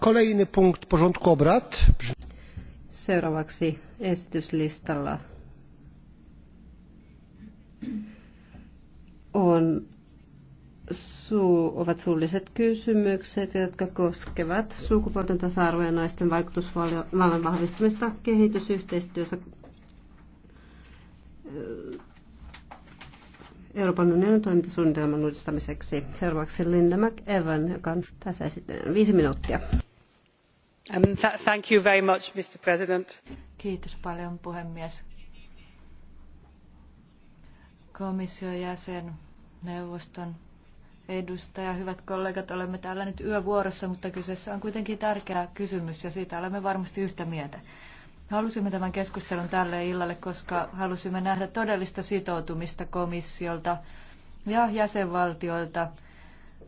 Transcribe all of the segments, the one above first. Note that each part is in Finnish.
kolejny punkt porządku obrad. Seuraavaksi esityslistalla on, ovat suulliset kysymykset, jotka koskevat sukupuolten tasa-arvoa ja naisten vaikutusvallan vahvistamista kehitysyhteistyössä Euroopan unionin toimintasuunnitelman uudistamiseksi. Seuraavaksi Linda McEvan, joka on tässä esittelen viisi minuuttia. Um, th- thank you very much, Mr. President. Kiitos paljon, puhemies. Komission jäsen, neuvoston edustaja, hyvät kollegat, olemme täällä nyt yövuorossa, mutta kyseessä on kuitenkin tärkeä kysymys ja siitä olemme varmasti yhtä mieltä. Halusimme tämän keskustelun tälle illalle, koska halusimme nähdä todellista sitoutumista komissiolta ja jäsenvaltioilta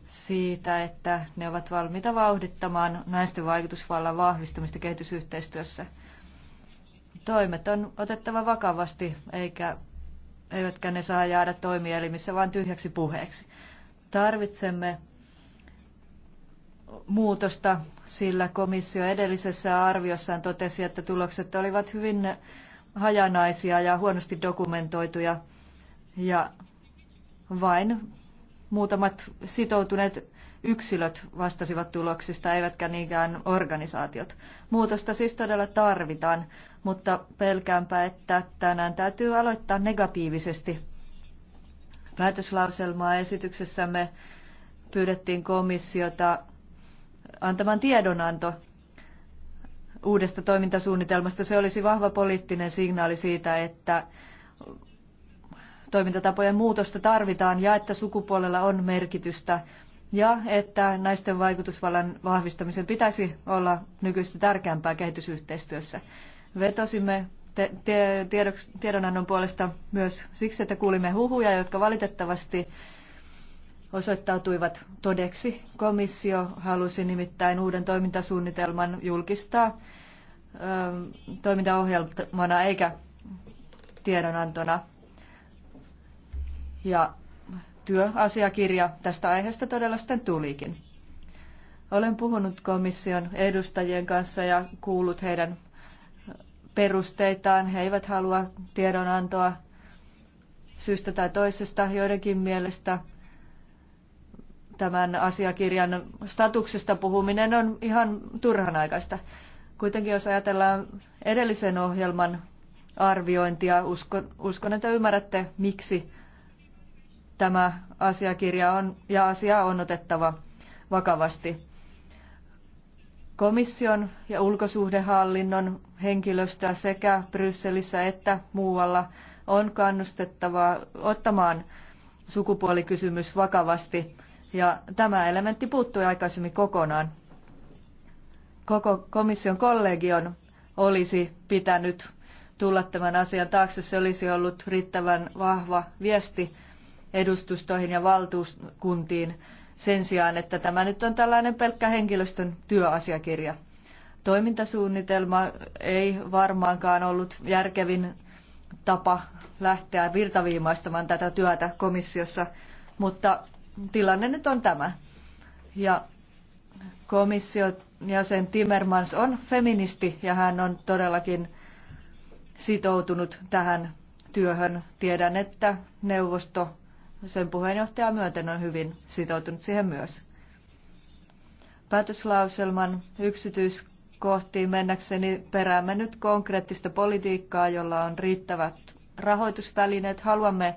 siitä, että ne ovat valmiita vauhdittamaan naisten vaikutusvallan vahvistamista kehitysyhteistyössä. Toimet on otettava vakavasti, eikä, eivätkä ne saa jäädä toimielimissä vain tyhjäksi puheeksi. Tarvitsemme muutosta, sillä komissio edellisessä arviossaan totesi, että tulokset olivat hyvin hajanaisia ja huonosti dokumentoituja ja vain muutamat sitoutuneet yksilöt vastasivat tuloksista, eivätkä niinkään organisaatiot. Muutosta siis todella tarvitaan, mutta pelkäänpä, että tänään täytyy aloittaa negatiivisesti. Päätöslauselmaa esityksessämme pyydettiin komissiota antaman tiedonanto uudesta toimintasuunnitelmasta. Se olisi vahva poliittinen signaali siitä, että toimintatapojen muutosta tarvitaan ja että sukupuolella on merkitystä ja että naisten vaikutusvallan vahvistamisen pitäisi olla nykyistä tärkeämpää kehitysyhteistyössä. Vetosimme te- te- tiedonannon puolesta myös siksi, että kuulimme huhuja, jotka valitettavasti osoittautuivat todeksi. Komissio halusi nimittäin uuden toimintasuunnitelman julkistaa ähm, toimintaohjelmana eikä tiedonantona. Ja työasiakirja tästä aiheesta todella sitten tulikin. Olen puhunut komission edustajien kanssa ja kuullut heidän perusteitaan. He eivät halua tiedonantoa syystä tai toisesta. Joidenkin mielestä tämän asiakirjan statuksesta puhuminen on ihan turhanaikaista. Kuitenkin jos ajatellaan edellisen ohjelman arviointia, uskon, uskon että ymmärrätte, miksi tämä asiakirja on ja asia on otettava vakavasti. Komission ja ulkosuhdehallinnon henkilöstöä sekä Brysselissä että muualla on kannustettava ottamaan sukupuolikysymys vakavasti ja tämä elementti puuttui aikaisemmin kokonaan. Koko komission kollegion olisi pitänyt tulla tämän asian taakse. Se olisi ollut riittävän vahva viesti edustustoihin ja valtuuskuntiin sen sijaan, että tämä nyt on tällainen pelkkä henkilöstön työasiakirja. Toimintasuunnitelma ei varmaankaan ollut järkevin tapa lähteä virtaviimaistamaan tätä työtä komissiossa, mutta tilanne nyt on tämä. Ja komission jäsen Timmermans on feministi ja hän on todellakin sitoutunut tähän työhön. Tiedän, että neuvosto sen puheenjohtaja myöten on hyvin sitoutunut siihen myös. Päätöslauselman yksityiskohtiin mennäkseni peräämme nyt konkreettista politiikkaa, jolla on riittävät rahoitusvälineet. Haluamme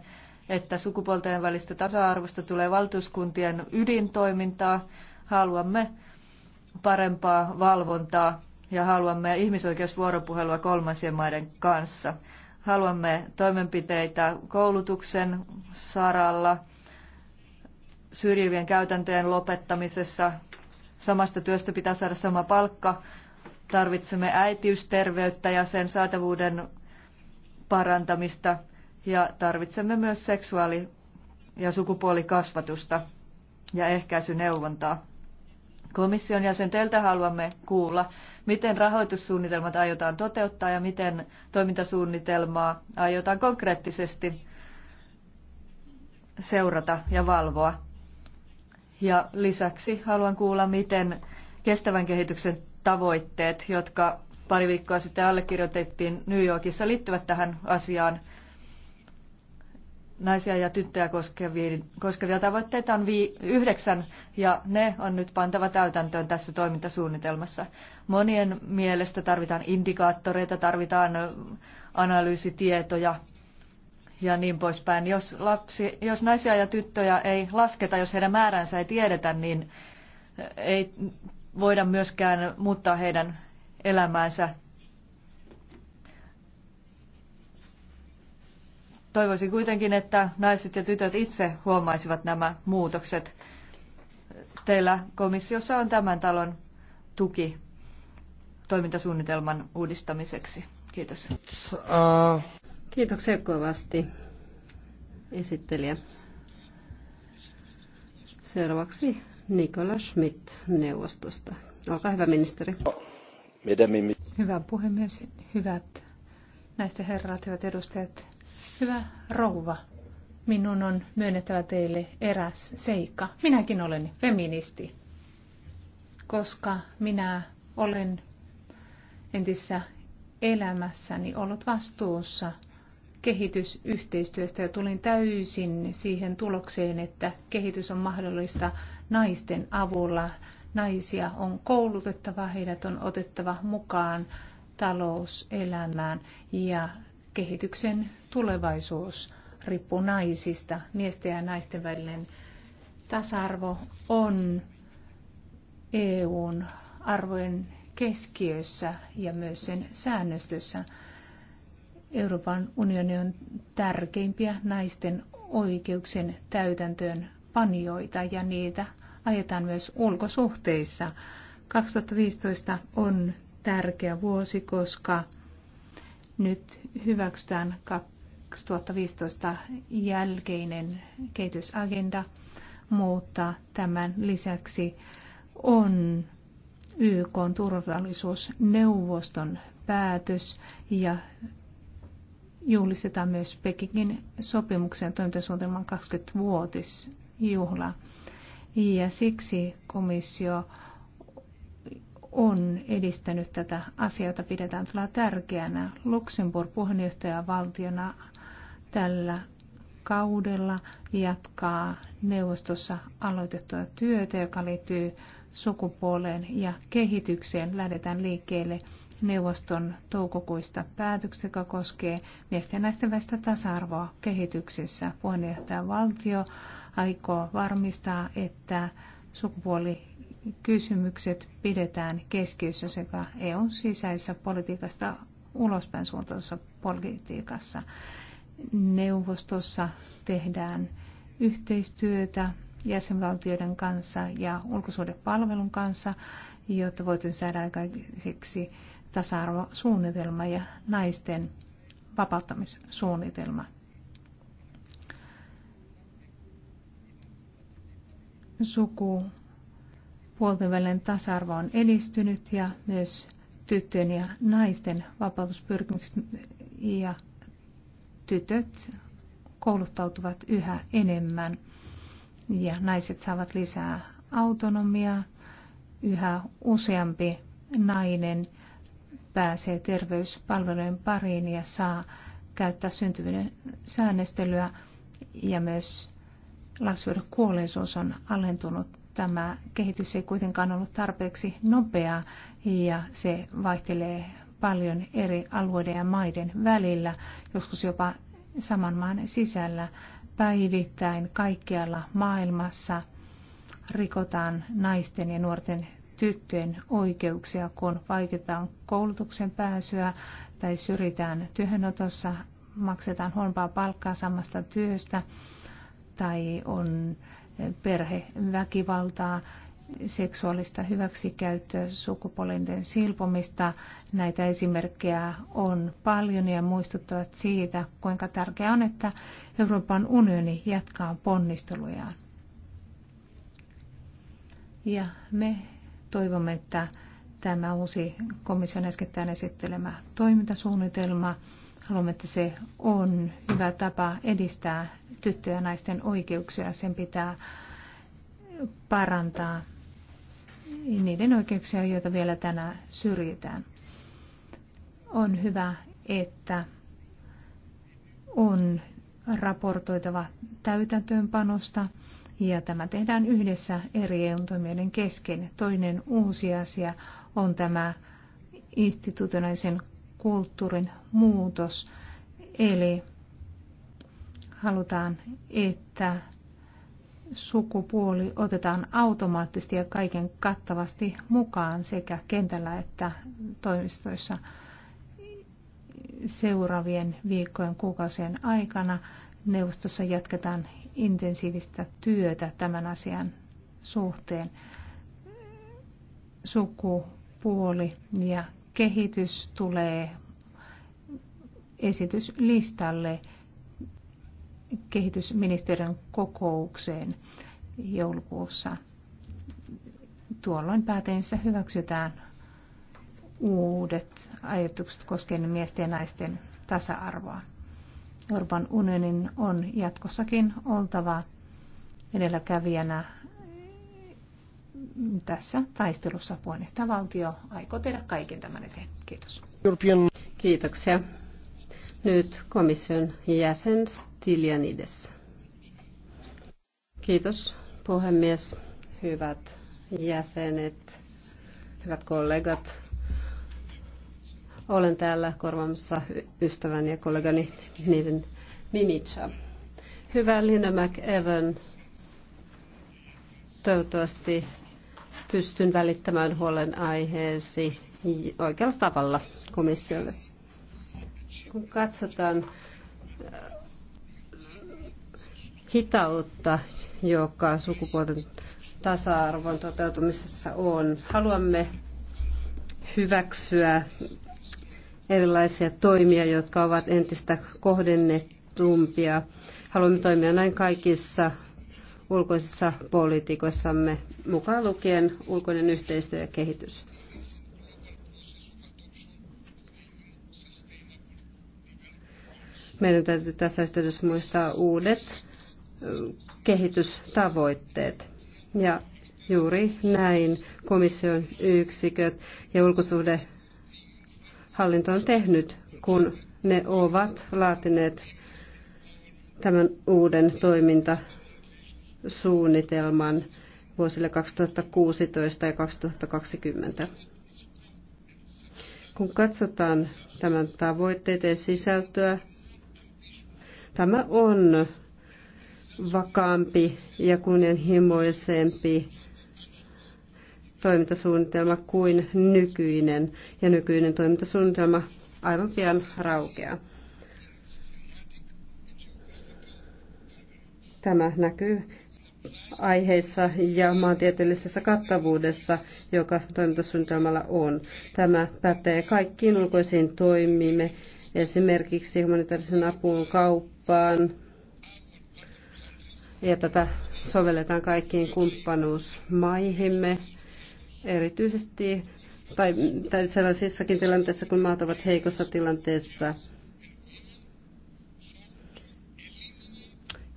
että sukupuolten välistä tasa-arvosta tulee valtuuskuntien ydintoimintaa. Haluamme parempaa valvontaa ja haluamme ihmisoikeusvuoropuhelua kolmansien maiden kanssa. Haluamme toimenpiteitä koulutuksen saralla, syrjivien käytäntöjen lopettamisessa, samasta työstä pitää saada sama palkka, tarvitsemme äitiysterveyttä ja sen saatavuuden parantamista – ja tarvitsemme myös seksuaali- ja sukupuolikasvatusta ja ehkäisyneuvontaa. Komission jäsenteltä haluamme kuulla, miten rahoitussuunnitelmat aiotaan toteuttaa ja miten toimintasuunnitelmaa aiotaan konkreettisesti seurata ja valvoa. Ja lisäksi haluan kuulla, miten kestävän kehityksen tavoitteet, jotka pari viikkoa sitten allekirjoitettiin New Yorkissa, liittyvät tähän asiaan naisia ja tyttöjä koskevia, koskevia tavoitteita on vi, yhdeksän ja ne on nyt pantava täytäntöön tässä toimintasuunnitelmassa. Monien mielestä tarvitaan indikaattoreita, tarvitaan analyysitietoja ja niin poispäin. Jos, lapsi, jos naisia ja tyttöjä ei lasketa, jos heidän määränsä ei tiedetä, niin ei voida myöskään muuttaa heidän elämäänsä Toivoisin kuitenkin, että naiset ja tytöt itse huomaisivat nämä muutokset. Teillä komissiossa on tämän talon tuki toimintasuunnitelman uudistamiseksi. Kiitos. Kiitoksia kovasti esittelijä. Seuraavaksi Nikola Schmidt neuvostosta. Olkaa hyvä ministeri. Hyvä puhemies, hyvät näistä herrat, hyvät edustajat. Hyvä rouva, minun on myönnettävä teille eräs seikka. Minäkin olen feministi, koska minä olen entissä elämässäni ollut vastuussa kehitysyhteistyöstä ja tulin täysin siihen tulokseen, että kehitys on mahdollista naisten avulla. Naisia on koulutettava, heidät on otettava mukaan talouselämään ja kehityksen tulevaisuus riippuu naisista. Miesten ja naisten välinen tasa-arvo on EUn arvojen keskiössä ja myös sen säännöstössä. Euroopan unioni on tärkeimpiä naisten oikeuksien täytäntöön panijoita ja niitä ajetaan myös ulkosuhteissa. 2015 on tärkeä vuosi, koska nyt hyväksytään 2015 jälkeinen kehitysagenda, mutta tämän lisäksi on YK turvallisuusneuvoston päätös ja juhlistetaan myös Pekingin sopimuksen toimintasuunnitelman 20-vuotisjuhla. Ja siksi komissio on edistänyt tätä asiaa, jota pidetään tällä tärkeänä. Luxemburg puheenjohtajavaltiona tällä kaudella jatkaa neuvostossa aloitettua työtä, joka liittyy sukupuoleen ja kehitykseen. Lähdetään liikkeelle neuvoston toukokuista päätöksestä, joka koskee miesten ja naisten välistä tasa-arvoa kehityksessä. Puheenjohtaja valtio aikoo varmistaa, että sukupuolikysymykset pidetään keskiössä sekä eu sisäisessä politiikasta ulospäin suuntautussa politiikassa neuvostossa tehdään yhteistyötä jäsenvaltioiden kanssa ja ulkosuhdepalvelun kanssa, jotta voitaisiin saada aikaiseksi tasa-arvosuunnitelma ja naisten vapauttamissuunnitelma. Sukupuolten välinen tasa-arvo on edistynyt ja myös tyttöjen ja naisten vapautuspyrkimykset ja tytöt kouluttautuvat yhä enemmän ja naiset saavat lisää autonomiaa. Yhä useampi nainen pääsee terveyspalvelujen pariin ja saa käyttää syntyvyyden säännöstelyä ja myös lapsuuden kuolleisuus on alentunut. Tämä kehitys ei kuitenkaan ollut tarpeeksi nopeaa ja se vaihtelee paljon eri alueiden ja maiden välillä, joskus jopa saman maan sisällä. Päivittäin kaikkialla maailmassa rikotaan naisten ja nuorten tyttöjen oikeuksia, kun vaiketaan koulutuksen pääsyä tai syrjitään työhönotossa, maksetaan huonompaa palkkaa samasta työstä tai on perheväkivaltaa seksuaalista hyväksikäyttöä, sukupuolinten silpomista. Näitä esimerkkejä on paljon ja muistuttavat siitä, kuinka tärkeää on, että Euroopan unioni jatkaa ponnistelujaan. Ja me toivomme, että tämä uusi komission äskettäin esittelemä toimintasuunnitelma, haluamme, että se on hyvä tapa edistää tyttöjen ja naisten oikeuksia. Sen pitää parantaa niiden oikeuksia, joita vielä tänään syrjitään. On hyvä, että on raportoitava täytäntöönpanosta ja tämä tehdään yhdessä eri EU-toimijoiden kesken. Toinen uusi asia on tämä institutionaalisen kulttuurin muutos, eli halutaan, että sukupuoli otetaan automaattisesti ja kaiken kattavasti mukaan sekä kentällä että toimistoissa seuraavien viikkojen kuukausien aikana. Neuvostossa jatketaan intensiivistä työtä tämän asian suhteen. Sukupuoli ja kehitys tulee esityslistalle kehitysministeriön kokoukseen joulukuussa. Tuolloin päätelmissä hyväksytään uudet ajatukset koskien miesten ja naisten tasa-arvoa. Euroopan unionin on jatkossakin oltava edelläkävijänä tässä taistelussa valtio aikoo tehdä kaiken tämän eteen. Kiitos. Kiitoksia. Nyt komission jäsen Tilianides. Kiitos puhemies, hyvät jäsenet, hyvät kollegat. Olen täällä korvaamassa ystäväni ja kollegani Niven Mimitsa. Hyvä Lina McEvan, toivottavasti pystyn välittämään huolen aiheesi oikealla tavalla komissiolle. Kun katsotaan hitautta, joka sukupuolten tasa-arvon toteutumisessa on. Haluamme hyväksyä erilaisia toimia, jotka ovat entistä kohdennettumpia. Haluamme toimia näin kaikissa ulkoisissa politiikossamme, mukaan lukien ulkoinen yhteistyö ja kehitys. Meidän täytyy tässä yhteydessä muistaa uudet kehitystavoitteet. Ja juuri näin komission yksiköt ja ulkosuhdehallinto on tehnyt, kun ne ovat laatineet tämän uuden toimintasuunnitelman vuosille 2016 ja 2020. Kun katsotaan tämän tavoitteiden sisältöä, tämä on vakaampi ja kunnianhimoisempi toimintasuunnitelma kuin nykyinen. Ja nykyinen toimintasuunnitelma aivan pian raukeaa. Tämä näkyy aiheissa ja maantieteellisessä kattavuudessa, joka toimintasuunnitelmalla on. Tämä pätee kaikkiin ulkoisiin toimimme, esimerkiksi humanitaarisen apuun, kauppaan, ja tätä sovelletaan kaikkiin kumppanuusmaihimme, erityisesti tai, tai sellaisissakin tilanteissa, kun maat ovat heikossa tilanteessa.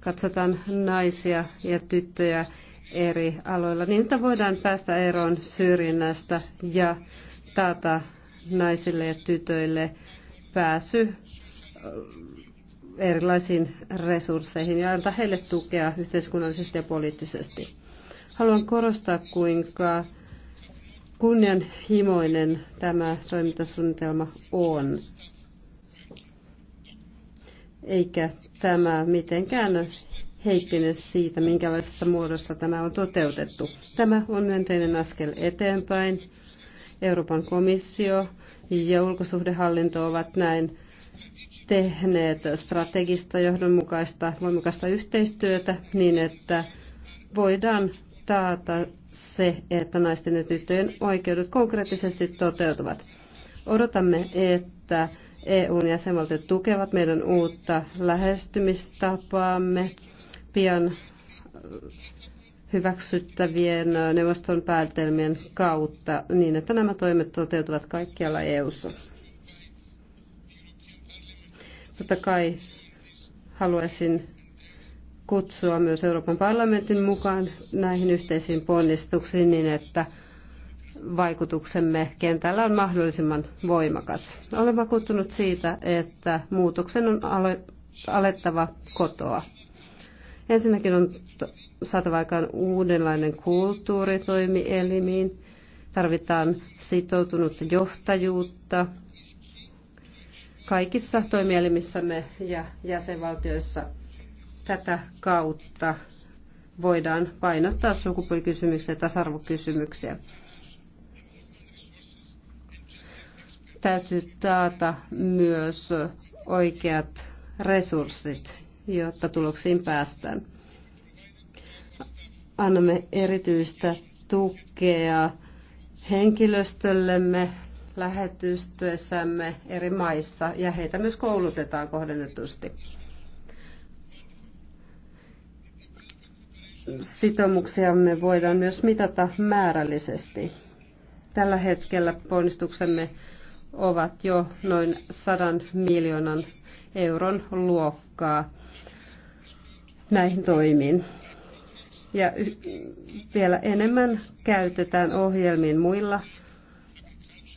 Katsotaan naisia ja tyttöjä eri aloilla, niin että voidaan päästä eroon syrjinnästä ja taata naisille ja tytöille pääsy erilaisiin resursseihin ja antaa heille tukea yhteiskunnallisesti ja poliittisesti. Haluan korostaa, kuinka kunnianhimoinen tämä toimintasuunnitelma on. Eikä tämä mitenkään heikkene siitä, minkälaisessa muodossa tämä on toteutettu. Tämä on myönteinen askel eteenpäin. Euroopan komissio ja ulkosuhdehallinto ovat näin tehneet strategista johdonmukaista voimakasta yhteistyötä niin, että voidaan taata se, että naisten ja tyttöjen oikeudet konkreettisesti toteutuvat. Odotamme, että EUn jäsenvaltiot tukevat meidän uutta lähestymistapaamme pian äh, hyväksyttävien äh, neuvoston päätelmien kautta niin, että nämä toimet toteutuvat kaikkialla EU:ssa. Totta kai haluaisin kutsua myös Euroopan parlamentin mukaan näihin yhteisiin ponnistuksiin niin, että vaikutuksemme kentällä on mahdollisimman voimakas. Olen vakuuttunut siitä, että muutoksen on alettava kotoa. Ensinnäkin on saatava aikaan uudenlainen kulttuuri toimielimiin. Tarvitaan sitoutunutta johtajuutta, kaikissa toimielimissämme ja jäsenvaltioissa. Tätä kautta voidaan painottaa sukupuolikysymyksiä ja tasa-arvokysymyksiä. Täytyy taata myös oikeat resurssit, jotta tuloksiin päästään. Annamme erityistä tukea henkilöstöllemme lähetystyössämme eri maissa ja heitä myös koulutetaan kohdennetusti. Sitoumuksiamme voidaan myös mitata määrällisesti. Tällä hetkellä ponnistuksemme ovat jo noin 100 miljoonan euron luokkaa näihin toimiin. Ja vielä enemmän käytetään ohjelmiin muilla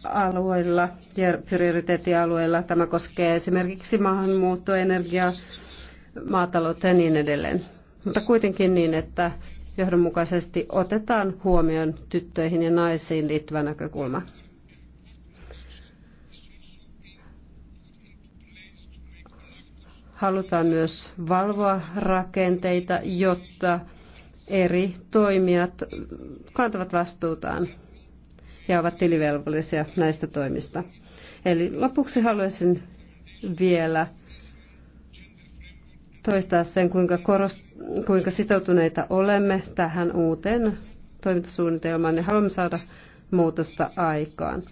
alueilla ja prioriteettialueilla. Tämä koskee esimerkiksi maahanmuuttoa, energiaa, maataloutta ja niin edelleen. Mutta kuitenkin niin, että johdonmukaisesti otetaan huomioon tyttöihin ja naisiin liittyvä näkökulma. Halutaan myös valvoa rakenteita, jotta eri toimijat kantavat vastuutaan ja ovat tilivelvollisia näistä toimista. Eli lopuksi haluaisin vielä toistaa sen, kuinka, korost, kuinka sitoutuneita olemme tähän uuteen toimintasuunnitelmaan ja haluamme saada muutosta aikaan.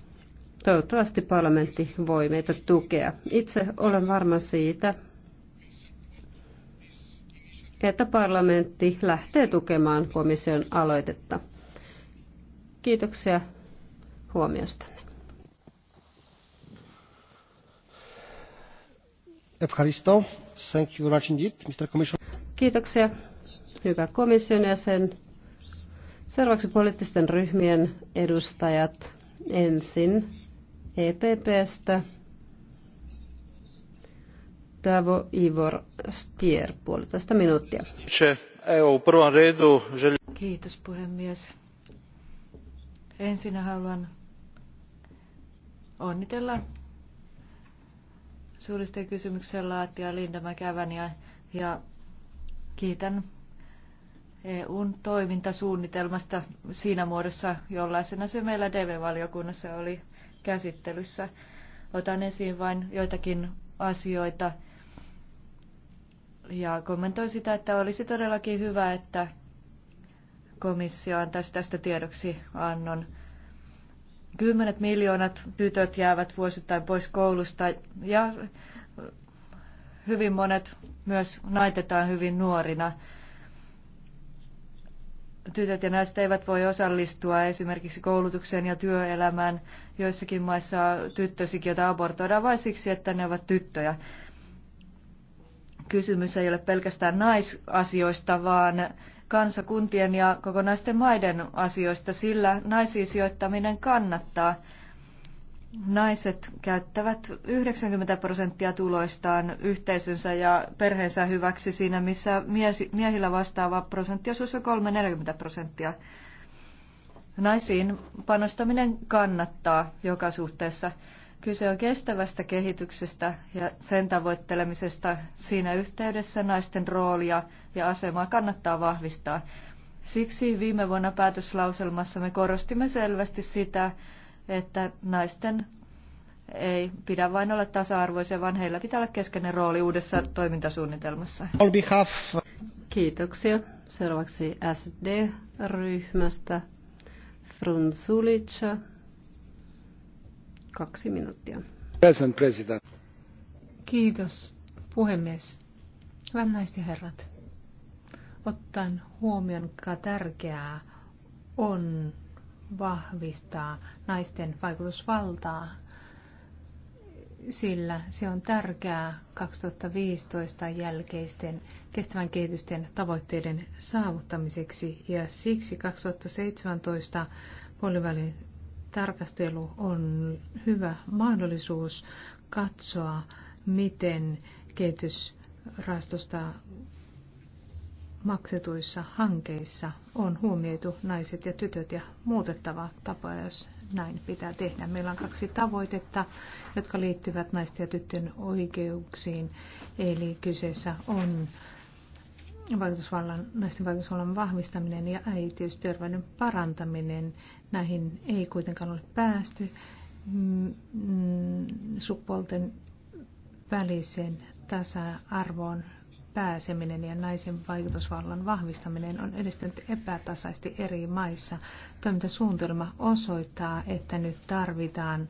Toivottavasti parlamentti voi meitä tukea. Itse olen varma siitä, että parlamentti lähtee tukemaan komission aloitetta. Kiitoksia huomiostanne. Kiitoksia, hyvä komission jäsen. Seuraavaksi poliittisten ryhmien edustajat ensin EPPstä. Tavo Ivor Stier, puolitoista minuuttia. Kiitos puhemies. Ensin haluan onnitella Suuristen kysymyksen laatia Linda ja, ja kiitän EUn toimintasuunnitelmasta siinä muodossa, jollaisena se meillä DV-valiokunnassa oli käsittelyssä. Otan esiin vain joitakin asioita ja kommentoin sitä, että olisi todellakin hyvä, että komissio antaisi tästä tiedoksi annon. Kymmenet miljoonat tytöt jäävät vuosittain pois koulusta ja hyvin monet myös naitetaan hyvin nuorina. Tytöt ja naiset eivät voi osallistua esimerkiksi koulutukseen ja työelämään. Joissakin maissa tyttösikiötä abortoidaan vain siksi, että ne ovat tyttöjä. Kysymys ei ole pelkästään naisasioista, vaan kansakuntien ja kokonaisten maiden asioista, sillä naisiin sijoittaminen kannattaa. Naiset käyttävät 90 prosenttia tuloistaan yhteisönsä ja perheensä hyväksi siinä, missä miehillä vastaava prosenttiosuus on 3-40 prosenttia. Naisiin panostaminen kannattaa joka suhteessa. Kyse on kestävästä kehityksestä ja sen tavoittelemisesta. Siinä yhteydessä naisten roolia ja asemaa kannattaa vahvistaa. Siksi viime vuonna päätöslauselmassa me korostimme selvästi sitä, että naisten ei pidä vain olla tasa-arvoisia, vaan heillä pitää olla keskeinen rooli uudessa toimintasuunnitelmassa. Kiitoksia. Seuraavaksi SD-ryhmästä Frunzulica. Kaksi minuuttia. Kiitos, puhemies. Hyvät naiset ja herrat. Ottaen huomioon, mikä tärkeää on vahvistaa naisten vaikutusvaltaa, sillä se on tärkeää 2015 jälkeisten kestävän kehitysten tavoitteiden saavuttamiseksi ja siksi 2017 puolivälin tarkastelu on hyvä mahdollisuus katsoa, miten kehitysrahastosta maksetuissa hankkeissa on huomioitu naiset ja tytöt ja muutettava tapa, jos näin pitää tehdä. Meillä on kaksi tavoitetta, jotka liittyvät naisten ja tyttöjen oikeuksiin. Eli kyseessä on vaikutusvallan, naisten vaikutusvallan vahvistaminen ja äitiysterveyden parantaminen. Näihin ei kuitenkaan ole päästy mm, sukupuolten välisen tasa-arvoon pääseminen ja naisen vaikutusvallan vahvistaminen on edistynyt epätasaisesti eri maissa. Toimintasuunnitelma osoittaa, että nyt tarvitaan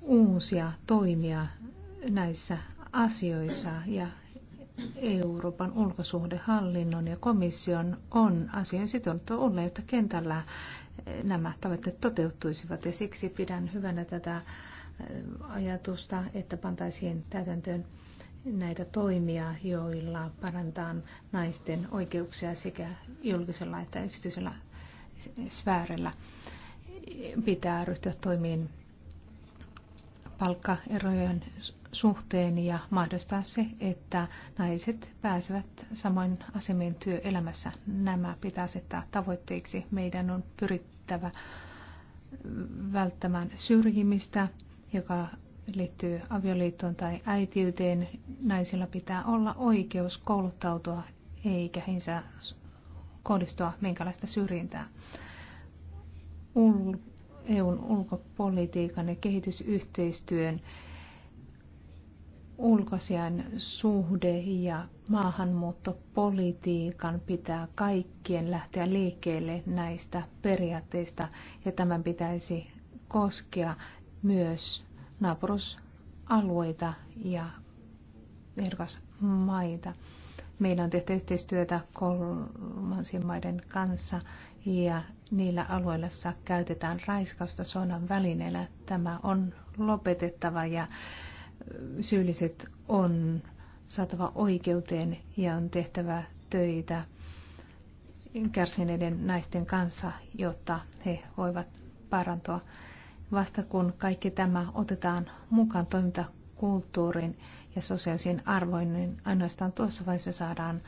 uusia toimia näissä asioissa ja Euroopan ulkosuhdehallinnon ja komission on asian sitoutunut olla, että kentällä nämä tavoitteet toteutuisivat. Ja siksi pidän hyvänä tätä ajatusta, että pantaisiin täytäntöön näitä toimia, joilla parantaan naisten oikeuksia sekä julkisella että yksityisellä sfäärillä. Pitää ryhtyä toimiin palkkaerojen suhteen ja mahdollistaa se, että naiset pääsevät samoin asemiin työelämässä. Nämä pitää asettaa tavoitteiksi. Meidän on pyrittävä välttämään syrjimistä, joka liittyy avioliittoon tai äitiyteen. Naisilla pitää olla oikeus kouluttautua eikä hinsä kohdistua minkälaista syrjintää. EUn ulkopolitiikan ja kehitysyhteistyön ulkoasian suhde ja maahanmuuttopolitiikan pitää kaikkien lähteä liikkeelle näistä periaatteista ja tämän pitäisi koskea myös naapurusalueita ja ehdokasmaita. Meillä on tehty yhteistyötä kolmansien maiden kanssa ja niillä alueilla käytetään raiskausta sodan välineellä. Tämä on lopetettava ja syylliset on saatava oikeuteen ja on tehtävä töitä kärsineiden naisten kanssa, jotta he voivat parantua. Vasta kun kaikki tämä otetaan mukaan toimintakulttuuriin ja sosiaalisiin arvoihin, niin ainoastaan tuossa vaiheessa saadaan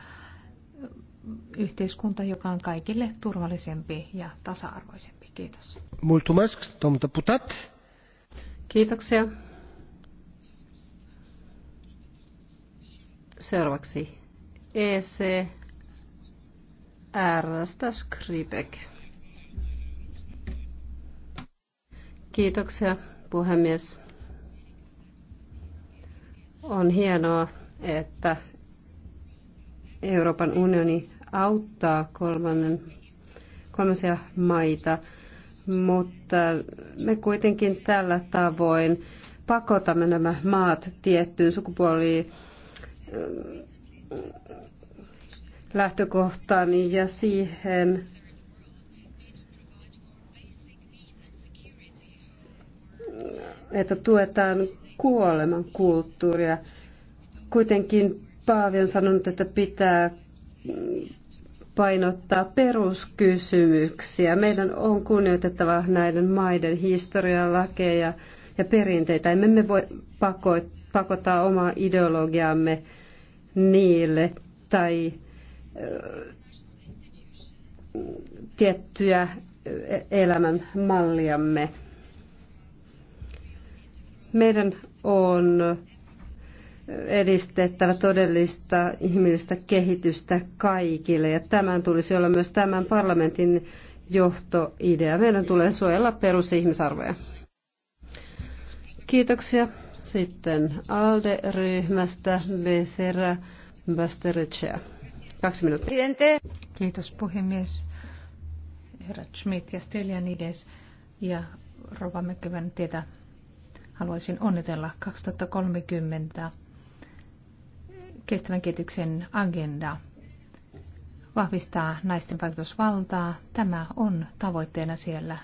yhteiskunta, joka on kaikille turvallisempi ja tasa-arvoisempi. Kiitos. Kiitoksia. Seuraavaksi EC Rstä Skripek. Kiitoksia puhemies. On hienoa, että Euroopan unioni auttaa kolmannen, kolmansia maita, mutta me kuitenkin tällä tavoin pakotamme nämä maat tiettyyn sukupuoliin lähtökohtaan ja siihen, että tuetaan kuoleman kulttuuria. Kuitenkin Paavi on sanonut, että pitää painottaa peruskysymyksiä. Meidän on kunnioitettava näiden maiden historiaa, lakeja ja perinteitä. Emme me voi pakottaa pakottaa omaa ideologiamme niille tai tiettyä elämän malliamme. Meidän on edistettävä todellista ihmistä kehitystä kaikille ja tämän tulisi olla myös tämän parlamentin johtoidea. Meidän tulee suojella perusihmisarvoja. Kiitoksia. Sitten ALDE-ryhmästä Becerra Basterechea. Kaksi minuuttia. Kiitos puhemies. Herra Schmidt ja Stelianides ja Rova Mökkivän tietä haluaisin onnitella 2030 kestävän kehityksen agenda vahvistaa naisten vaikutusvaltaa. Tämä on tavoitteena siellä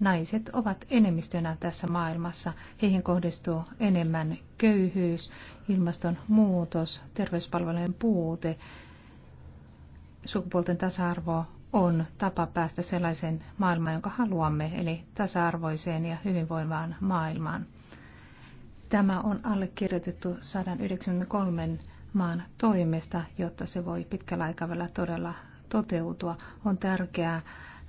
naiset ovat enemmistönä tässä maailmassa. Heihin kohdistuu enemmän köyhyys, ilmastonmuutos, terveyspalvelujen puute. Sukupuolten tasa-arvo on tapa päästä sellaiseen maailmaan, jonka haluamme, eli tasa-arvoiseen ja hyvinvoimaan maailmaan. Tämä on allekirjoitettu 193 maan toimesta, jotta se voi pitkällä aikavälillä todella toteutua. On tärkeää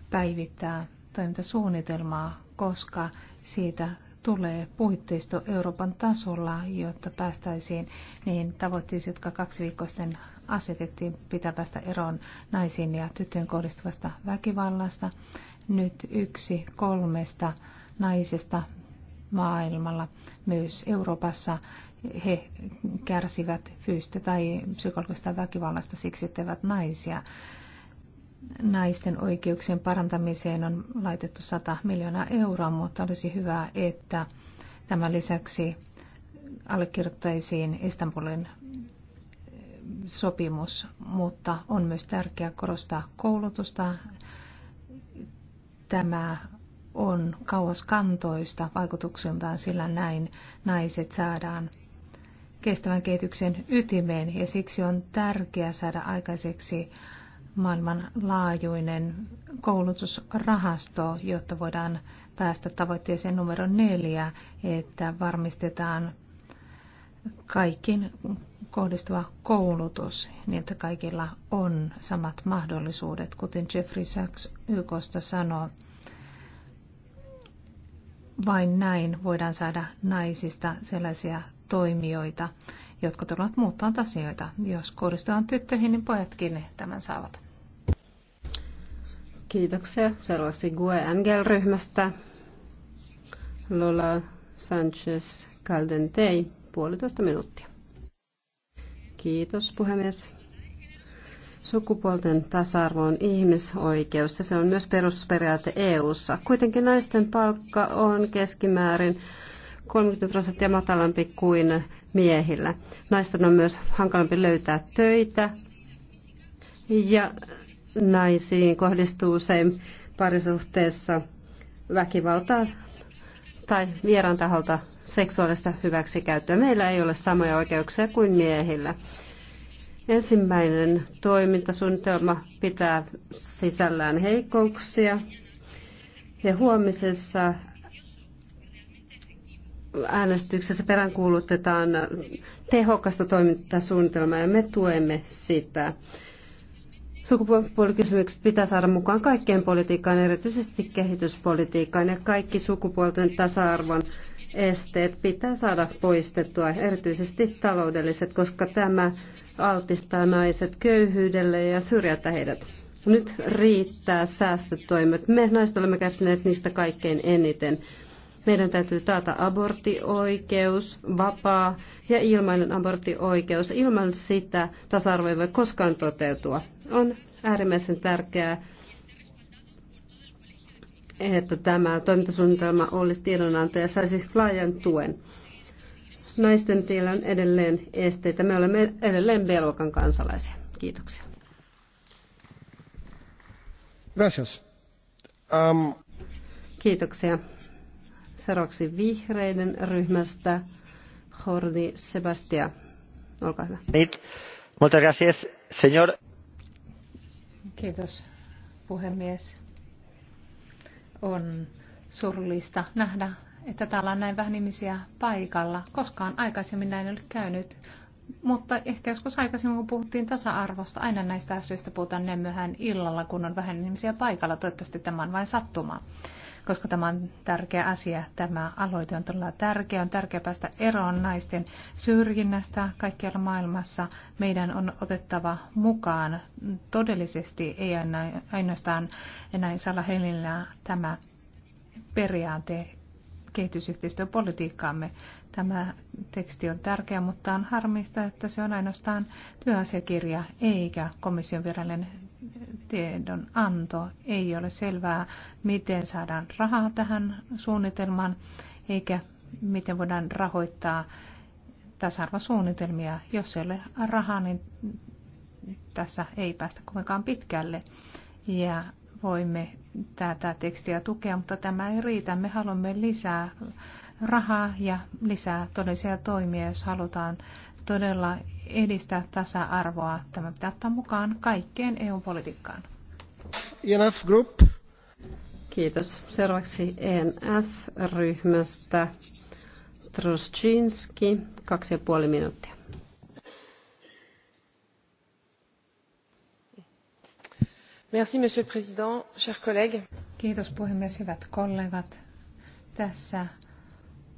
päivittää toimintasuunnitelmaa, koska siitä tulee puitteisto Euroopan tasolla, jotta päästäisiin niin tavoitteisiin, jotka kaksi viikkoa sitten asetettiin, pitää päästä eroon naisiin ja tyttöön kohdistuvasta väkivallasta. Nyt yksi kolmesta naisesta maailmalla, myös Euroopassa, he kärsivät fyysistä tai psykologista väkivallasta siksi, että naisia naisten oikeuksien parantamiseen on laitettu 100 miljoonaa euroa, mutta olisi hyvä, että tämän lisäksi allekirjoittaisiin Istanbulin eh, sopimus, mutta on myös tärkeää korostaa koulutusta. Tämä on kantoista vaikutuksiltaan, sillä näin naiset saadaan kestävän kehityksen ytimeen ja siksi on tärkeää saada aikaiseksi maailmanlaajuinen koulutusrahasto, jotta voidaan päästä tavoitteeseen numero neljä, että varmistetaan kaikkiin kohdistuva koulutus, niin että kaikilla on samat mahdollisuudet, kuten Jeffrey Sachs YKsta sanoo. Vain näin voidaan saada naisista sellaisia toimijoita, jotka tulevat muuttamaan asioita. Jos kohdistetaan tyttöihin, niin pojatkin tämän saavat. Kiitoksia. Seuraavaksi Gue Angel-ryhmästä. Lola Sanchez Caldentei, puolitoista minuuttia. Kiitos puhemies. Sukupuolten tasa-arvo on ihmisoikeus ja se on myös perusperiaate EU:ssa. Kuitenkin naisten palkka on keskimäärin 30 prosenttia matalampi kuin miehillä. Naisten on myös hankalampi löytää töitä ja naisiin kohdistuu usein parisuhteessa väkivaltaa tai vieraan taholta seksuaalista hyväksikäyttöä. Meillä ei ole samoja oikeuksia kuin miehillä. Ensimmäinen toimintasuunnitelma pitää sisällään heikkouksia. Ja huomisessa äänestyksessä peräänkuulutetaan tehokasta toimintasuunnitelmaa ja me tuemme sitä. Sukupuolikysymykset pitää saada mukaan kaikkeen politiikkaan, erityisesti kehityspolitiikkaan ja kaikki sukupuolten tasa-arvon esteet pitää saada poistettua, erityisesti taloudelliset, koska tämä altistaa naiset köyhyydelle ja syrjätä heidät. Nyt riittää säästötoimet. Me naiset olemme kärsineet niistä kaikkein eniten. Meidän täytyy taata aborttioikeus, vapaa ja ilmainen aborttioikeus. Ilman sitä tasa-arvo ei voi koskaan toteutua. On äärimmäisen tärkeää, että tämä toimintasuunnitelma olisi tiedonanto ja saisi laajan tuen. Naisten tiellä on edelleen esteitä. Me olemme edelleen B-luokan kansalaisia. Kiitoksia. Gracias. Um... Kiitoksia. Seuraavaksi vihreiden ryhmästä Jordi Sebastia. Olkaa hyvä. Muchas gracias, señor. Kiitos, puhemies. On surullista nähdä, että täällä on näin vähän ihmisiä paikalla. Koskaan aikaisemmin näin ei ole käynyt. Mutta ehkä joskus aikaisemmin, kun puhuttiin tasa-arvosta, aina näistä asioista puhutaan ne myöhään illalla, kun on vähän ihmisiä paikalla. Toivottavasti tämä on vain sattumaa koska tämä on tärkeä asia. Tämä aloite on todella tärkeä. On tärkeää päästä eroon naisten syrjinnästä kaikkialla maailmassa. Meidän on otettava mukaan todellisesti, ei ainoastaan enää salahelillä tämä periaate kehitysyhteistyöpolitiikkaamme. Tämä teksti on tärkeä, mutta on harmista, että se on ainoastaan työasiakirja eikä komission virallinen tiedonanto. Ei ole selvää, miten saadaan rahaa tähän suunnitelmaan eikä miten voidaan rahoittaa tasa-arvosuunnitelmia. Jos ei ole rahaa, niin tässä ei päästä kovinkaan pitkälle. Ja voimme tätä tekstiä tukea, mutta tämä ei riitä. Me haluamme lisää rahaa ja lisää todellisia toimia, jos halutaan todella edistää tasa-arvoa. Tämä pitää ottaa mukaan kaikkeen EU-politiikkaan. ENF Group. Kiitos. Seuraavaksi ENF-ryhmästä Truszczynski, kaksi ja puoli minuuttia. monsieur le président chers collègues kiitos puhemies hyvät kollegat tässä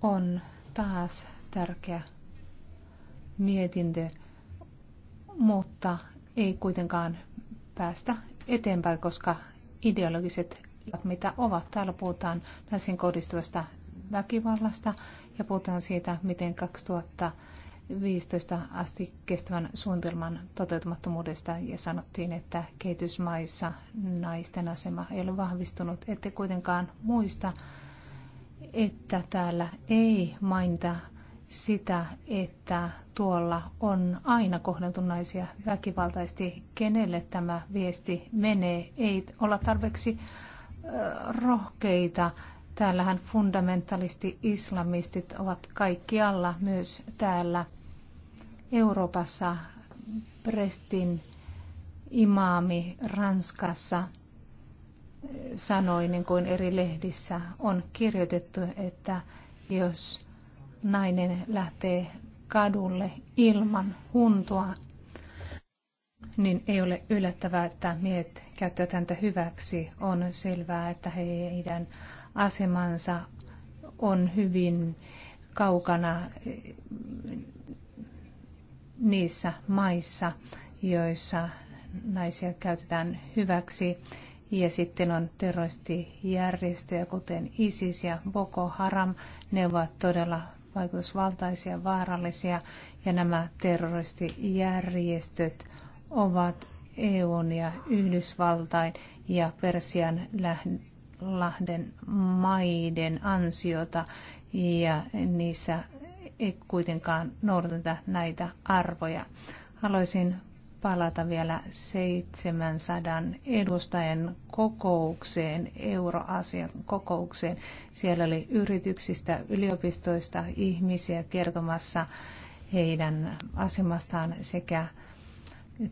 on taas tärkeä mietintö mutta ei kuitenkaan päästä eteenpäin koska ideologiset mitä ovat. Täällä puhutaan naisiin kohdistuvasta väkivallasta ja puhutaan siitä, miten kaksituhatta 2015 asti kestävän suunnitelman toteutumattomuudesta ja sanottiin, että kehitysmaissa naisten asema ei ole vahvistunut. Ette kuitenkaan muista, että täällä ei mainita sitä, että tuolla on aina kohdeltu naisia väkivaltaisesti. Kenelle tämä viesti menee? Ei olla tarpeeksi rohkeita Täällähän fundamentalisti-islamistit ovat kaikkialla, myös täällä Euroopassa, Prestin imaami Ranskassa eh, sanoi, niin kuin eri lehdissä on kirjoitettu, että jos nainen lähtee kadulle ilman huntua, niin ei ole yllättävää, että miehet käyttävät häntä hyväksi. On selvää, että heidän asemansa on hyvin kaukana eh, niissä maissa, joissa naisia käytetään hyväksi. Ja sitten on terroristijärjestöjä, kuten ISIS ja Boko Haram. Ne ovat todella vaikutusvaltaisia, vaarallisia. Ja nämä terroristijärjestöt ovat EUn ja Yhdysvaltain ja Persian Lahden maiden ansiota ja niissä ei kuitenkaan noudateta näitä arvoja. Haluaisin palata vielä 700 edustajan kokoukseen, euroasian kokoukseen. Siellä oli yrityksistä, yliopistoista ihmisiä kertomassa heidän asemastaan sekä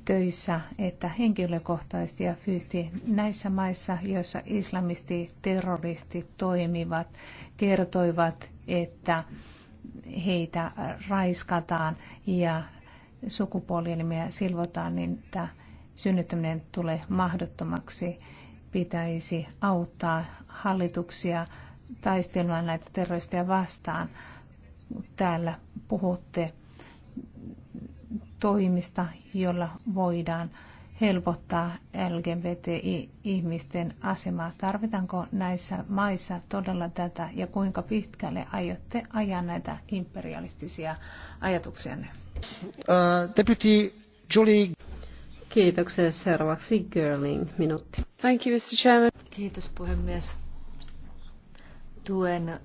töissä että henkilökohtaisesti ja fyysisesti näissä maissa, joissa islamistiterroristit toimivat, kertoivat, että heitä raiskataan ja sukupuolielimiä silvotaan, niin tämä synnyttäminen tulee mahdottomaksi. Pitäisi auttaa hallituksia taistelemaan näitä terroristeja vastaan. Täällä puhutte toimista, jolla voidaan helpottaa LGBTI-ihmisten asemaa. Tarvitaanko näissä maissa todella tätä ja kuinka pitkälle aiotte ajaa näitä imperialistisia ajatuksianne? Uh, deputy Julie. Kiitoksia. Seuraavaksi Girling, minuutti. Thank you, Mr. Chairman. Kiitos puhemies. Tuen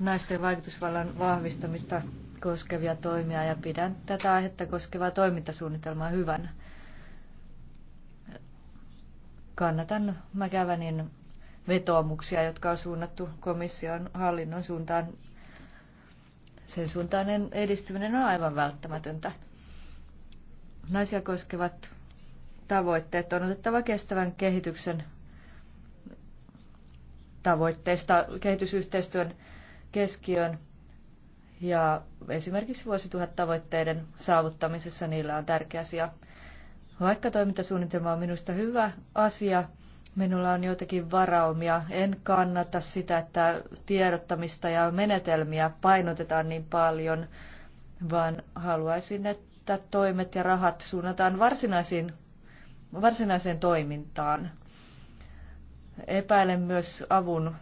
naisten vaikutusvallan vahvistamista koskevia toimia ja pidän tätä aihetta koskevaa toimintasuunnitelmaa hyvänä. Kannatan Mäkävänin vetoomuksia, jotka on suunnattu komission hallinnon suuntaan. Sen suuntainen edistyminen on aivan välttämätöntä. Naisia koskevat tavoitteet on otettava kestävän kehityksen tavoitteista kehitysyhteistyön keskiön ja esimerkiksi tavoitteiden saavuttamisessa niillä on tärkeä asia. Vaikka toimintasuunnitelma on minusta hyvä asia, minulla on joitakin varaumia. En kannata sitä, että tiedottamista ja menetelmiä painotetaan niin paljon, vaan haluaisin, että toimet ja rahat suunnataan varsinaisiin, varsinaiseen toimintaan. Epäilen myös avun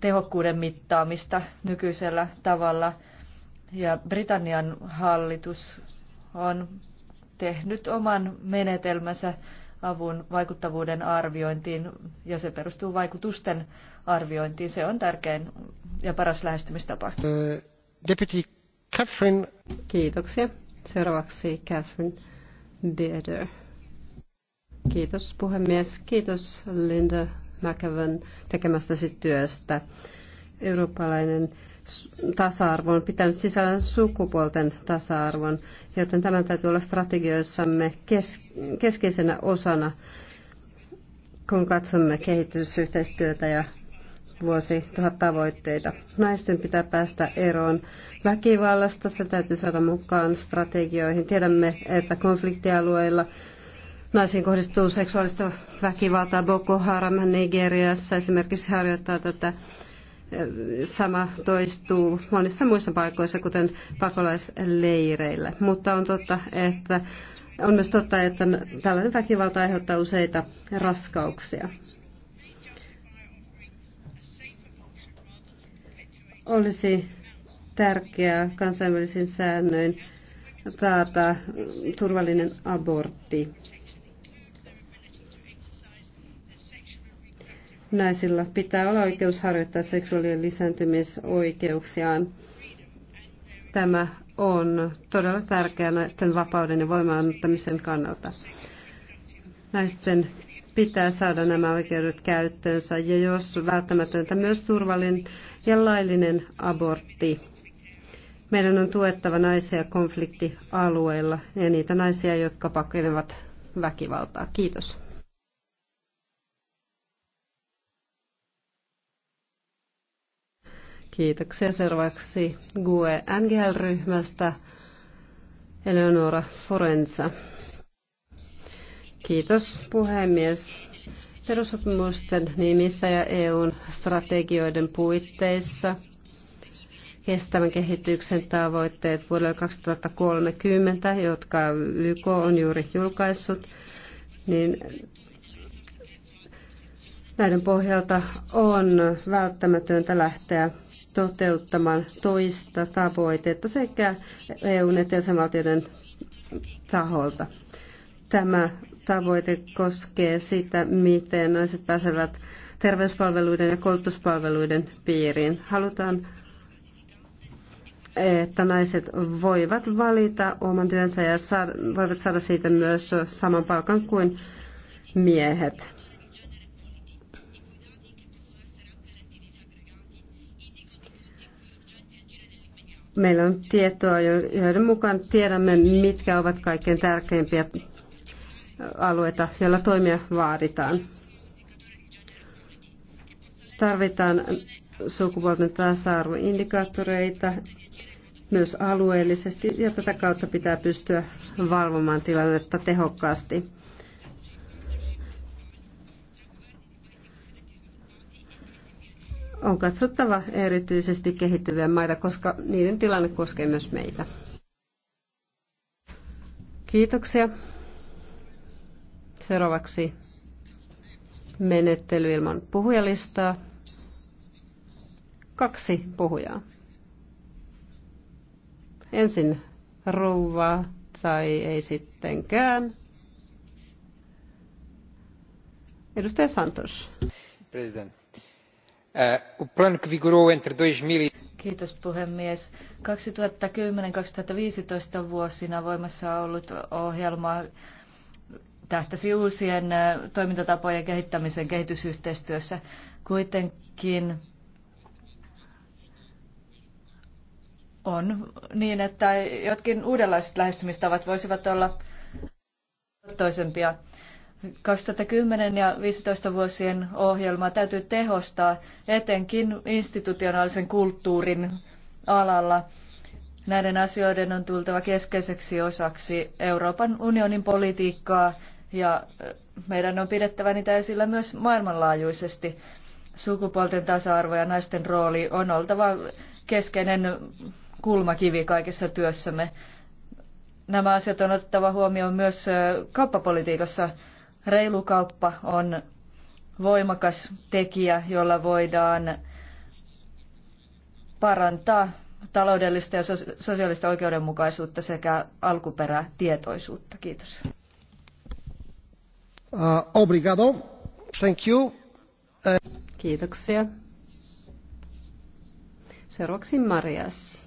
tehokkuuden mittaamista nykyisellä tavalla. Ja Britannian hallitus on tehnyt oman menetelmänsä avun vaikuttavuuden arviointiin ja se perustuu vaikutusten arviointiin. Se on tärkein ja paras lähestymistapa. Deputy Catherine. Kiitoksia. Seuraavaksi Catherine Bader. Kiitos puhemies. Kiitos Linda tekemästä tekemästäsi työstä. Eurooppalainen tasa-arvo on pitänyt sisällään sukupuolten tasa-arvon, joten tämän täytyy olla strategioissamme keskeisenä osana, kun katsomme kehitysyhteistyötä ja vuosi tuhat tavoitteita. Naisten pitää päästä eroon väkivallasta, se täytyy saada mukaan strategioihin. Tiedämme, että konfliktialueilla Naisiin kohdistuu seksuaalista väkivaltaa Boko Haram Nigeriassa esimerkiksi harjoittaa tätä. Sama toistuu monissa muissa paikoissa, kuten pakolaisleireillä. Mutta on totta, että on myös totta, että tällainen väkivalta aiheuttaa useita raskauksia. Olisi tärkeää kansainvälisin säännöin taata turvallinen abortti. Naisilla pitää olla oikeus harjoittaa seksuaali- ja lisääntymisoikeuksiaan. Tämä on todella tärkeää naisten vapauden ja voimaanottamisen kannalta. Naisten pitää saada nämä oikeudet käyttöönsä ja jos välttämätöntä myös turvallinen ja laillinen abortti. Meidän on tuettava naisia konfliktialueilla ja niitä naisia, jotka pakenevat väkivaltaa. Kiitos. Kiitoksia seuraavaksi GUE NGL-ryhmästä Eleonora Forenza. Kiitos puhemies. Perussopimusten nimissä ja EUn strategioiden puitteissa kestävän kehityksen tavoitteet vuodelle 2030, jotka YK on juuri julkaissut, niin näiden pohjalta on välttämätöntä lähteä toteuttamaan toista tavoitetta sekä EUn että jäsenvaltioiden taholta. Tämä tavoite koskee sitä, miten naiset pääsevät terveyspalveluiden ja koulutuspalveluiden piiriin. Halutaan, että naiset voivat valita oman työnsä ja voivat saada siitä myös saman palkan kuin miehet Meillä on tietoa, joiden mukaan tiedämme, mitkä ovat kaikkein tärkeimpiä alueita, joilla toimia vaaditaan. Tarvitaan sukupuolten tasa-arvoindikaattoreita myös alueellisesti ja tätä kautta pitää pystyä valvomaan tilannetta tehokkaasti. on katsottava erityisesti kehittyviä maita, koska niiden tilanne koskee myös meitä. Kiitoksia. Seuraavaksi menettely ilman puhujalistaa. Kaksi puhujaa. Ensin rouva tai ei sittenkään. Edustaja Santos. President. Eh, Kiitos puhemies. 2010-2015 vuosina voimassa ollut ohjelma tähtäsi uusien eh, toimintatapojen kehittämisen kehitysyhteistyössä. Kuitenkin on niin, että jotkin uudenlaiset lähestymistavat voisivat olla toisempia. 2010 ja 15 vuosien ohjelmaa täytyy tehostaa etenkin institutionaalisen kulttuurin alalla. Näiden asioiden on tultava keskeiseksi osaksi Euroopan unionin politiikkaa ja meidän on pidettävä niitä esillä myös maailmanlaajuisesti. Sukupuolten tasa-arvo ja naisten rooli on oltava keskeinen kulmakivi kaikessa työssämme. Nämä asiat on otettava huomioon myös kauppapolitiikassa Reilu kauppa on voimakas tekijä, jolla voidaan parantaa taloudellista ja sosiaalista oikeudenmukaisuutta sekä alkuperätietoisuutta. Kiitos. Uh, obrigado. Thank you. Uh, Kiitoksia. Seuraavaksi Marias.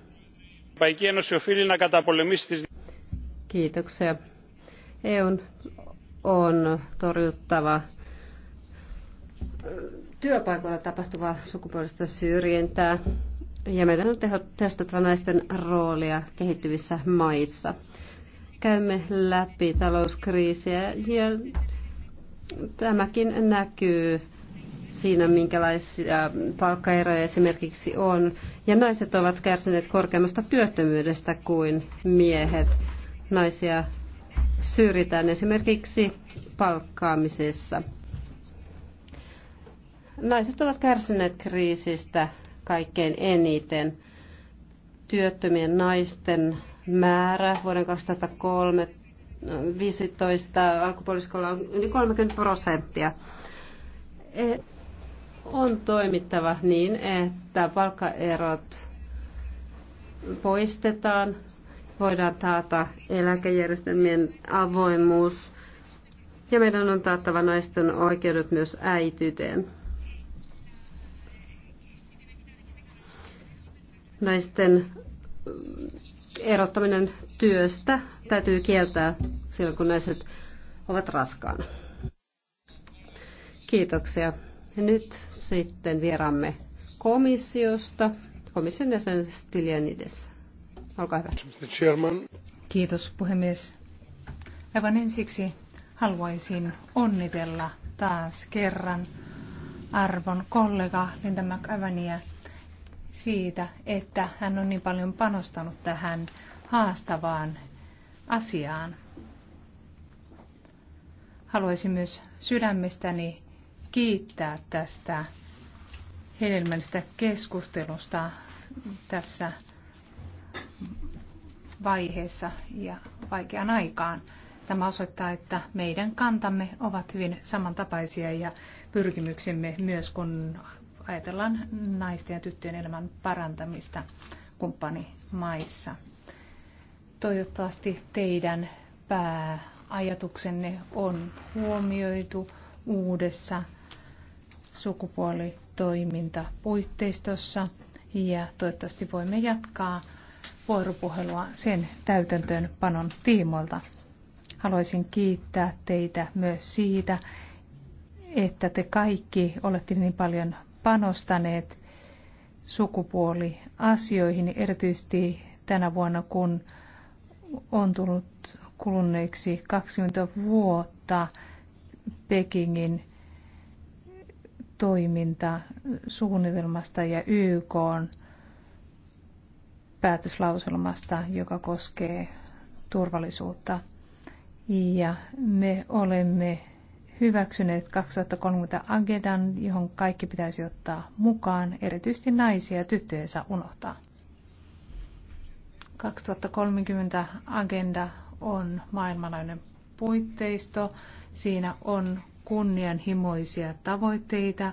Kiitoksia. EUn on torjuttava työpaikoilla tapahtuvaa sukupuolista syrjintää ja meidän on testattava naisten roolia kehittyvissä maissa. Käymme läpi talouskriisiä ja tämäkin näkyy siinä, minkälaisia palkkaeroja esimerkiksi on. Ja naiset ovat kärsineet korkeammasta työttömyydestä kuin miehet. Naisia syrjitään esimerkiksi palkkaamisessa. Naiset ovat kärsineet kriisistä kaikkein eniten. Työttömien naisten määrä vuoden 2015 alkupuoliskolla on yli 30 prosenttia. E, on toimittava niin, että palkkaerot poistetaan voidaan taata eläkejärjestelmien avoimuus ja meidän on taattava naisten oikeudet myös äityteen. Naisten erottaminen työstä täytyy kieltää silloin, kun naiset ovat raskaana. Kiitoksia. Ja nyt sitten vieraamme komissiosta, komission jäsen Stylianides. Olkaa hyvä. Kiitos puhemies. Aivan ensiksi haluaisin onnitella taas kerran arvon kollega Linda McAvania siitä, että hän on niin paljon panostanut tähän haastavaan asiaan. Haluaisin myös sydämestäni kiittää tästä hedelmällistä keskustelusta tässä vaiheessa ja vaikeaan aikaan. Tämä osoittaa, että meidän kantamme ovat hyvin samantapaisia ja pyrkimyksemme myös, kun ajatellaan naisten ja tyttöjen elämän parantamista kumppanimaissa. Toivottavasti teidän pääajatuksenne on huomioitu uudessa sukupuolitoimintapuitteistossa ja toivottavasti voimme jatkaa vuoropuhelua sen täytäntöönpanon tiimoilta. Haluaisin kiittää teitä myös siitä, että te kaikki olette niin paljon panostaneet sukupuoliasioihin, erityisesti tänä vuonna, kun on tullut kuluneeksi 20 vuotta Pekingin toimintasuunnitelmasta ja YK on päätöslauselmasta, joka koskee turvallisuutta. Ja me olemme hyväksyneet 2030 agendan, johon kaikki pitäisi ottaa mukaan, erityisesti naisia ja tyttöjä saa unohtaa. 2030 agenda on maailmanlainen puitteisto. Siinä on kunnianhimoisia tavoitteita,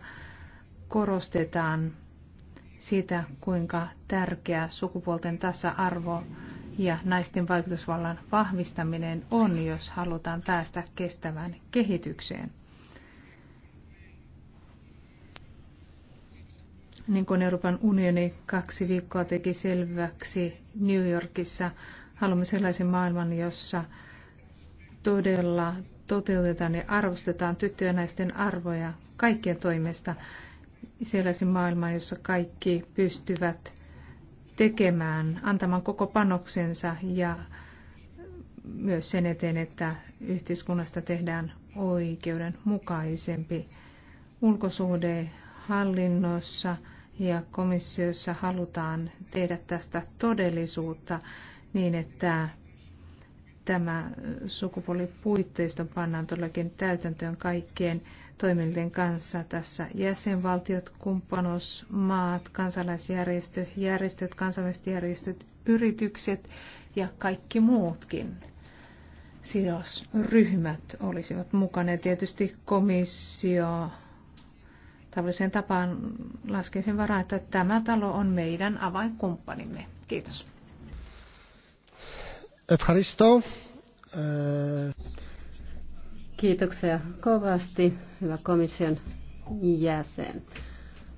korostetaan siitä, kuinka tärkeä sukupuolten tasa-arvo ja naisten vaikutusvallan vahvistaminen on, jos halutaan päästä kestävään kehitykseen. Niin kuin Euroopan unioni kaksi viikkoa teki selväksi New Yorkissa, haluamme sellaisen maailman, jossa todella toteutetaan ja arvostetaan tyttöjen ja naisten arvoja kaikkien toimesta sellaisen maailman, jossa kaikki pystyvät tekemään, antamaan koko panoksensa ja myös sen eteen, että yhteiskunnasta tehdään oikeudenmukaisempi. hallinnossa ja komissiossa halutaan tehdä tästä todellisuutta niin, että tämä sukupuolipuitteista pannaan todellakin täytäntöön kaikkien toimijoiden kanssa tässä jäsenvaltiot, kumppanuusmaat, kansalaisjärjestöt, järjestöt, kansainväliset järjestöt, yritykset ja kaikki muutkin sidosryhmät olisivat mukana. Ja tietysti komissio tavalliseen tapaan laskee sen varaan, että tämä talo on meidän avainkumppanimme. Kiitos. Evharisto. Kiitoksia kovasti, hyvä komission jäsen.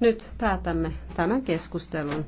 Nyt päätämme tämän keskustelun.